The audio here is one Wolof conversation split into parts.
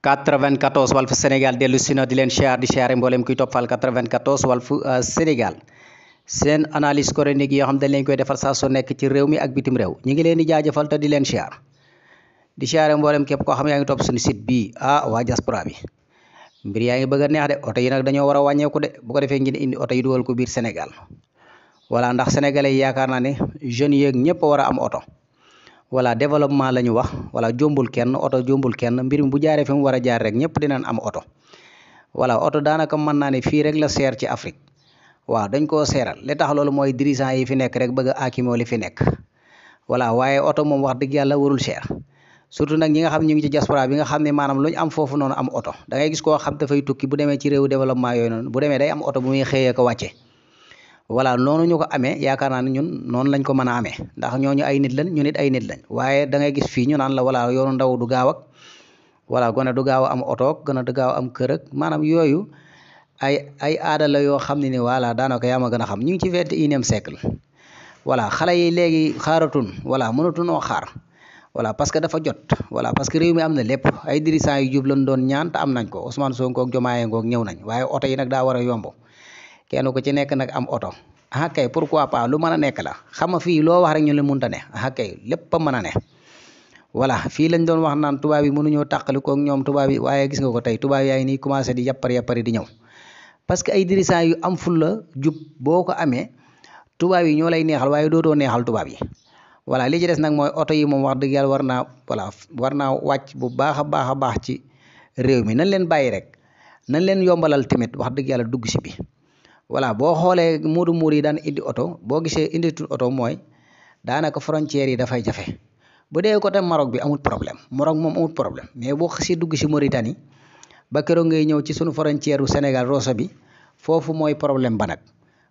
94 Walf Sénégal dellu si na di leen siyaar di siyaare mboolem kuy toppal 94 Walf euh, Sénégal seen analyse chronique yoo xam dañ leen koy defar saa su nekk ci réew mi ak bitim rew ñu ngi leen di jaajëfal te di leen siyaar di siyaare mboolem képp koo xam yaa ngi topp suñu site bii ah waa diaspora bi mbir yaa ngi bëgg neex de oto yi nag dañoo war a wàññeeku de bu ko defee ngeen indi oto yi dugal ko biir Sénégal voilà ndax sénégalais yi yaakaar naa ne jeunes yeeg ñëpp war am oto. wala développement la ñu wax wala jombul kenn oto jombul kenn mbir mi bu jaaree fi mu war a jaar rek ñëpp dinañ am oto wala oto daanaka mën naa ne fii rek la seer ci Afrique waaw dañ ko seeral li tax loolu mooy dirigeant yi fi nekk rek bëgg a aakimoo li fi nekk voilà waaye oto moom wax dëgg yàlla warul seer surtout nag ñi nga xam ñu ngi ci diaspora bi nga xam ne maanaam lu ñu am foofu noonu am oto da gis koo xam dafay tukki bu demee ci réewu développement yooyu noonu bu demee day am oto xëyee ko wàcce voilà noonu ñu ko amee yaakaar naa ne ñun noonu lañ ko mën a amee ndax ñooñu ay nit lañ ñu nit ay nit lañ waaye da gis fii ñu naan la wala yoonu ndaw du gaaw ak voilà gone du gaaw a am otoog gone du gaaw am kër ak maanaam yooyu ay ay aada la yoo xam ne ni voilà daanaka yaa ma gën a xam ñu ngi ci vingt et unième siècle voilà xale yi léegi xaaratun voilà mënatunoo xaar voilà parce que dafa jot voilà parce que réew mi am na lépp ay dirigeants yu jub lañ doon ñaan am nañ ko Ousmane Sonko ak Diomaye ngoog ñëw nañ waaye oto yi nag daa war a yomb kenn ku ci nekk nag am oto ah kay pourquoi pas lu mën a nekk la xam nga fii loo wax rek ñu ne mënta ne ah kay lépp a mën a ne. voilà fii lañ doon wax naan tubaab yi mënuñoo tàqali koog ñoom tubaab yi waaye gis nga ko tey tubaab yaa ngi nii commencé di yàppar yàppari di ñëw parce que ay dirigeants yu am ful la jub boo ko amee tubaab yi ñoo lay neexal waaye dootoo neexal tubaab yi. wala li ci des nag mooy oto yi moom wax dëgg yàlla war naa voilà war naa wàcc bu baax a baax a baax ci réew mi nañ leen bàyyi rek nañ leen yombalal tamit wax dëgg yàlla dugg si bi voilà boo xoolee muudu muur yi daan indi oto boo gisee inditul oto mooy daanaka frontières yi dafay jafe bu dee côté Maroc bi amul problème Maroc moom amul problème mais boo si dugg si Mauritanie ba keroog ngay ñëw ci sunu frontière Sénégal Rosso bi foofu mooy problème ba nag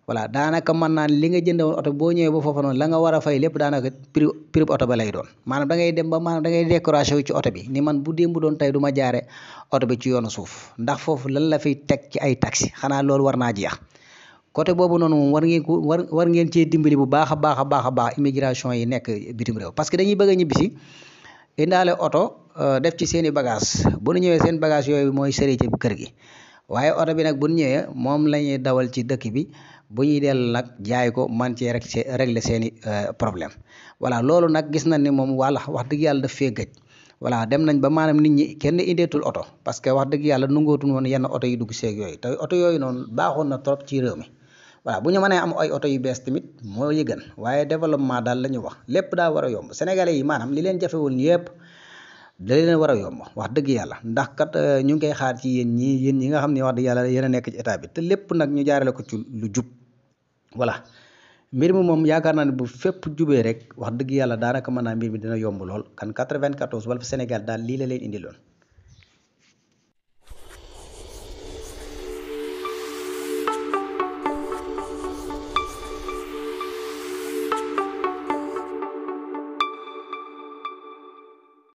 voilà daanaka man naan li nga jënde woon oto boo ñëwee ba foofa noonu la nga war a fay lépp daanaka prix prix oto ba lay doon maanaam da ngay dem ba maanaam dangay ngay décoration ci oto bi ni man bu démb doon tey ma jaare oto bi ci yoonu suuf ndax foofu lan la fiy teg ci ay taxi xanaa loolu war naa jeex côté boobu noonu moom war ngeen ko war war ngeen cee dimbali bu baax a baax baax a baax immigration yi nekk bitim réew parce que dañuy bëgg a ñibbisi indaale oto euh, def ci seen i bagage bu nu ñëwee seen bagage yooyu mooy serite bi kër gi waaye oto bi nag bu ñëwee moom la ñuy dawal ci dëkk bi bu ñuy dell nag jaay ko man cee rek régler seen i euh, problème voilà loolu nag gis nañ ne moom wàlla wax dëgg yàlla daf fee gëj voilà dem nañ ba maanaam nit ñi kenn indeetul oto parce que wax dëgg yàlla nungootul woon yenn oto yi dugg seeg yooyu te oto yooyu noonu baaxoon na trop ci réew mi voilà bu ñu mënee am ay oto yu bees tamit moo yi gën waaye développement daal la ñu wax lépp daa war a yomb sénégalais yi maanaam li leen jafewoon yépp da leen war a yomb wax dëgg yàlla ndax kat euh, ñu ngi koy xaar ci yéen ñii yéen ñi nga xam ne wax dëgg yàlla yéen a nekk ci état bi te lépp nag ñu jaarale ko ci lu jub voilà mbir mi moom yaakaar naa ne bu fépp jubee rek wax dëgg yàlla daanaka mën naa mbir mi dina yomb lool kan 94 Walf Sénégal daal lii la leen indiloon